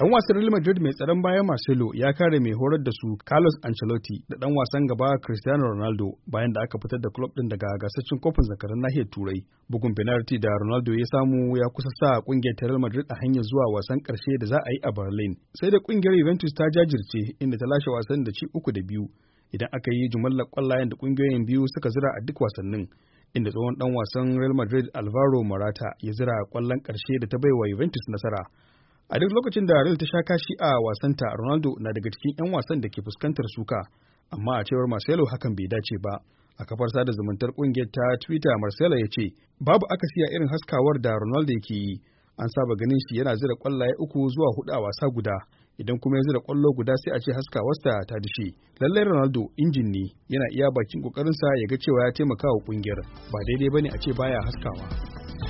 Dan wasan Real Madrid mai tsaron bayan Marcelo ya kare mai horar da su Carlos Ancelotti da dan wasan gaba Cristiano Ronaldo bayan da aka fitar da club din daga gasar kofin zakaran nahiyar Turai. Bugun penalty da Ronaldo ya samu ya kusa sa kungiyar ta Real Madrid a hanyar zuwa wasan karshe da za a yi a Berlin. Sai da kungiyar Juventus ta jajirce inda ta lashe wasan da ci uku da biyu idan aka yi jumallar kwallayen da kungiyoyin biyu suka zira a duk wasannin. inda tsohon dan wasan Real Madrid Alvaro Morata ya zira kwallon karshe da ta baiwa Juventus nasara. A duk lokacin da Real ta sha kashi a wasanta, Ronaldo na daga cikin 'yan wasan da ke fuskantar suka, amma a cewar Marcelo hakan bai dace ba. A kafar sada zumuntar kungiyar ta Twitter Marcelo ya ce, babu siya irin haskawar da Ronaldo yake yi, an saba ganin shi yana zira kwallaye uku zuwa hudu a wasa guda, idan kuma ya zira kwallo guda sai a ce haskawarsa ta dishe. Lallai Ronaldo injin ne yana iya bakin kokarinsa ya ga cewa ya taimaka wa kungiyar, ba daidai bane a ce baya haskawa.